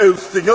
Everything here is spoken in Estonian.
El señor